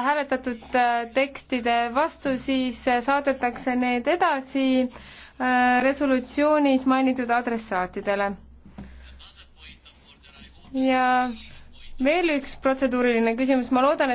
hääletatud äh, tekstide vastu, siis äh, saadetakse need edasi äh, resolutsioonis mainitud adressaatidele. ja veel üks protseduuriline küsimus, ma loodan, et